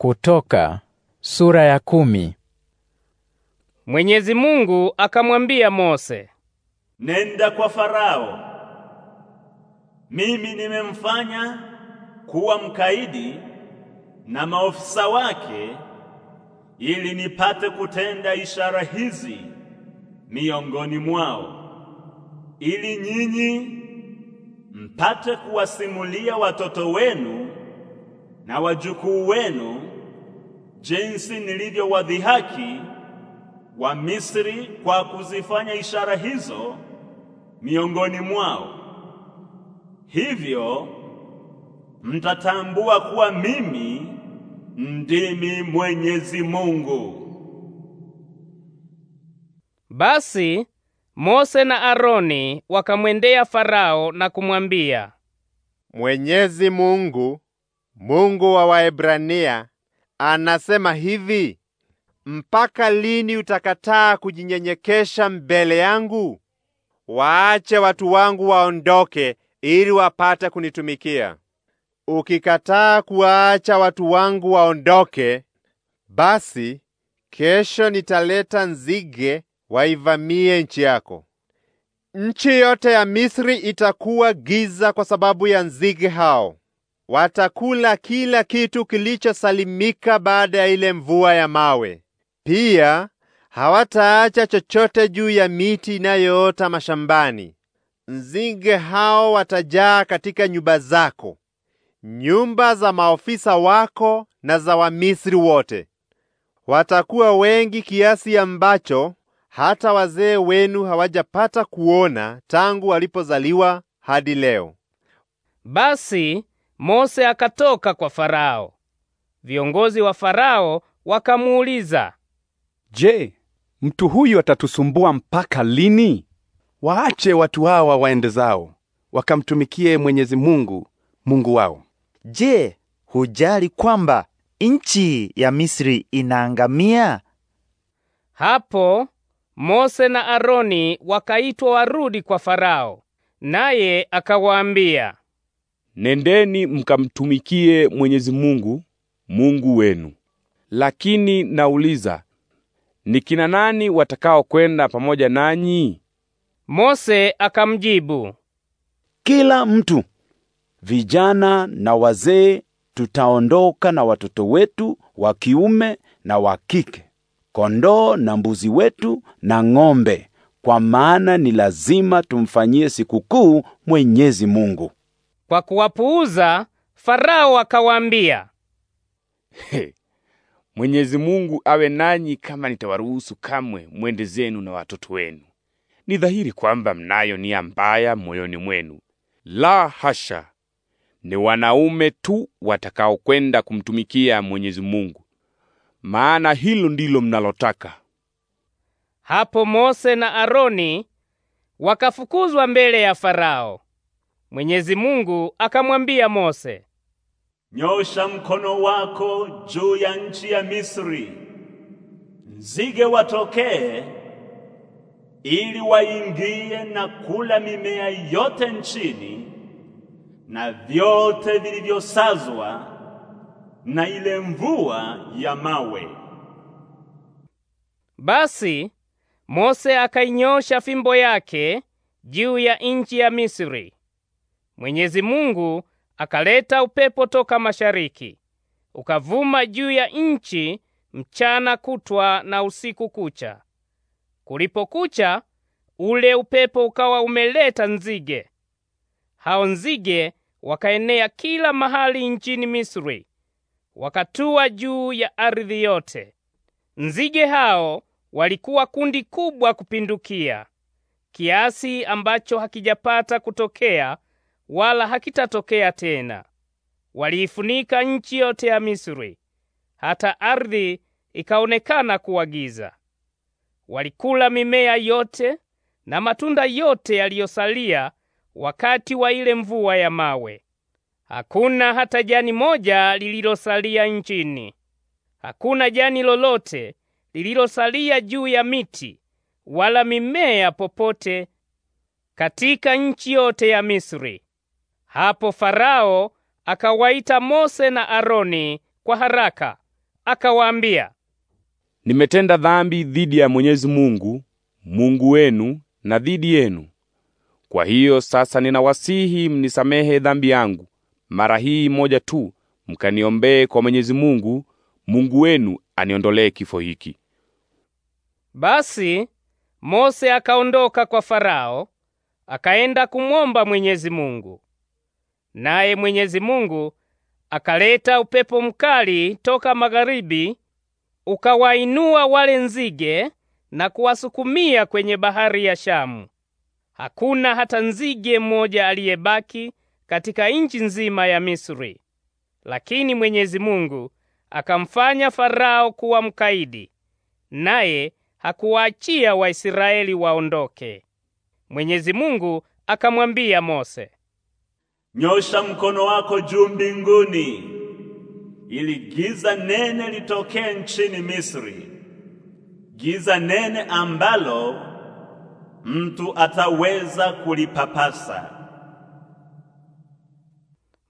Kutoka sura ya kumi. Mwenyezi Mungu akamwambia Mose, nenda kwa Farao, mimi nimemfanya kuwa mkaidi na maofisa wake, ili nipate kutenda ishara hizi miongoni mwao, ili nyinyi mpate kuwasimulia watoto wenu na wajukuu wenu jinsi nilivyowadhihaki wa Misri kwa kuzifanya ishara hizo miongoni mwao, hivyo mtatambua kuwa mimi ndimi Mwenyezi Mungu. Basi Mose na Aroni wakamwendea Farao na kumwambia, Mwenyezi Mungu, Mungu wa Waebrania anasema hivi, mpaka lini utakataa kujinyenyekesha mbele yangu? Waache watu wangu waondoke ili wapate kunitumikia. Ukikataa kuwaacha watu wangu waondoke, basi kesho nitaleta nzige waivamie nchi yako. Nchi yote ya Misri itakuwa giza kwa sababu ya nzige hao. Watakula kila kitu kilichosalimika baada ya ile mvua ya mawe. Pia hawataacha chochote juu ya miti inayoota mashambani. Nzige hao watajaa katika nyumba zako, nyumba za maofisa wako na za Wamisri wote. Watakuwa wengi kiasi ambacho hata wazee wenu hawajapata kuona tangu walipozaliwa hadi leo. Basi Mose akatoka kwa Farao. Viongozi wa Farao wakamuuliza, "Je, mtu huyu atatusumbua mpaka lini? Waache watu hawa waende zao, wakamtumikie Mwenyezi Mungu, Mungu wao. Je, hujali kwamba nchi ya Misri inaangamia?" Hapo Mose na Aroni wakaitwa warudi kwa Farao, naye akawaambia, Nendeni mkamtumikie Mwenyezi Mungu, Mungu wenu. Lakini nauliza, ni kina nani watakao kwenda pamoja nanyi? Mose akamjibu, kila mtu, vijana na wazee, tutaondoka na watoto wetu wa kiume na wa kike, kondoo na mbuzi wetu na ng'ombe, kwa maana ni lazima tumfanyie sikukuu Mwenyezi Mungu. Kwa kuwapuuza, Farao akawaambia, Mwenyezi Mungu awe nanyi kama nitawaruhusu kamwe mwende zenu na watoto wenu. Ni dhahiri kwamba mnayo nia mbaya moyoni mwenu. La hasha, ni wanaume tu watakaokwenda kumtumikia Mwenyezi Mungu, maana hilo ndilo mnalotaka. Hapo Mose na Aroni wakafukuzwa mbele ya Farao. Mwenyezi Mungu akamwambia Mose, nyosha mkono wako juu ya nchi ya Misri, nzige watokee ili waingie na kula mimea yote nchini na vyote vilivyosazwa na ile mvua ya mawe. Basi Mose akainyosha fimbo yake juu ya nchi ya Misri Mwenyezi Mungu akaleta upepo toka mashariki, ukavuma juu ya nchi mchana kutwa na usiku kucha. Kulipokucha, ule upepo ukawa umeleta nzige. Hao nzige wakaenea kila mahali nchini Misri, wakatua juu ya ardhi yote. Nzige hao walikuwa kundi kubwa kupindukia, kiasi ambacho hakijapata kutokea wala hakitatokea tena. Waliifunika nchi yote ya Misri hata ardhi ikaonekana kuwa giza. Walikula mimea yote na matunda yote yaliyosalia wakati wa ile mvua ya mawe. Hakuna hata jani moja lililosalia nchini. Hakuna jani lolote lililosalia juu ya miti wala mimea popote katika nchi yote ya Misri. Hapo Farao akawaita Mose na Aroni kwa haraka, akawaambia, nimetenda dhambi dhidi ya Mwenyezi Mungu, Mungu wenu na dhidi yenu. Kwa hiyo sasa ninawasihi mnisamehe dhambi yangu mara hii moja tu, mkaniombee kwa Mwenyezi Mungu, Mungu wenu aniondolee kifo hiki. Basi Mose akaondoka kwa Farao, akaenda kumwomba Mwenyezi Mungu. Naye Mwenyezi Mungu akaleta upepo mkali toka magharibi ukawainua wale nzige na kuwasukumia kwenye bahari ya Shamu. Hakuna hata nzige mmoja aliyebaki katika nchi nzima ya Misri. Lakini Mwenyezi Mungu akamfanya Farao kuwa mkaidi, naye hakuwaachia Waisraeli waondoke. Mwenyezi Mungu akamwambia Mose, Nyosha mkono wako juu mbinguni ili giza nene litokee nchini Misri, giza nene ambalo mtu ataweza kulipapasa.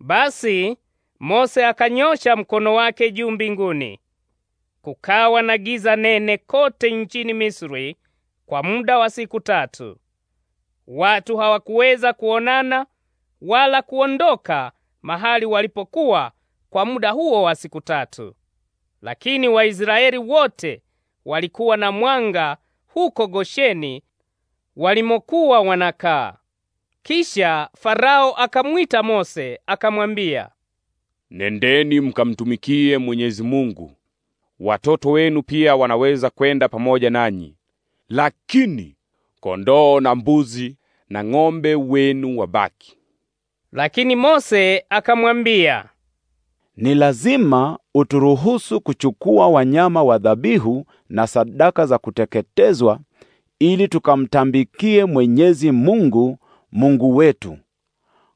Basi Mose akanyosha mkono wake juu mbinguni, kukawa na giza nene kote nchini Misri kwa muda wa siku tatu. Watu hawakuweza kuonana wala kuondoka mahali walipokuwa kwa muda huo wa siku tatu. Lakini Waisraeli wote walikuwa na mwanga huko Gosheni walimokuwa wanakaa. Kisha Farao akamwita Mose akamwambia, Nendeni mkamtumikie Mwenyezi Mungu. Watoto wenu pia wanaweza kwenda pamoja nanyi, lakini kondoo na mbuzi na ng'ombe wenu wabaki. Lakini Mose akamwambia, ni lazima uturuhusu kuchukua wanyama wa dhabihu na sadaka za kuteketezwa ili tukamtambikie Mwenyezi Mungu, Mungu wetu.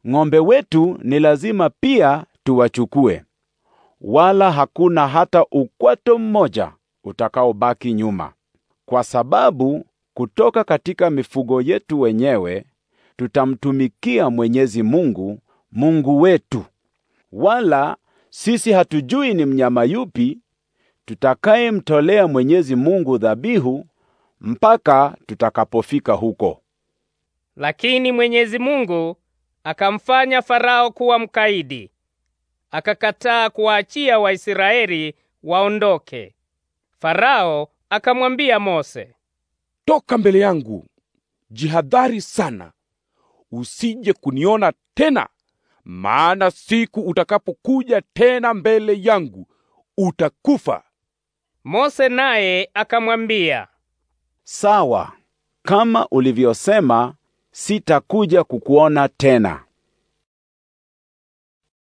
Ng'ombe wetu ni lazima pia tuwachukue, wala hakuna hata ukwato mmoja utakaobaki nyuma, kwa sababu kutoka katika mifugo yetu wenyewe tutamtumikia Mwenyezi Mungu, Mungu wetu, wala sisi hatujui ni mnyama yupi tutakayemtolea Mwenyezi Mungu dhabihu mpaka tutakapofika huko. Lakini Mwenyezi Mungu akamfanya Farao kuwa mkaidi, akakataa kuwaachia Waisraeli waondoke. Farao akamwambia Mose, toka mbele yangu, jihadhari sana, usije kuniona tena, maana siku utakapokuja tena mbele yangu utakufa. Mose naye akamwambia, sawa, kama ulivyosema, sitakuja kukuona tena.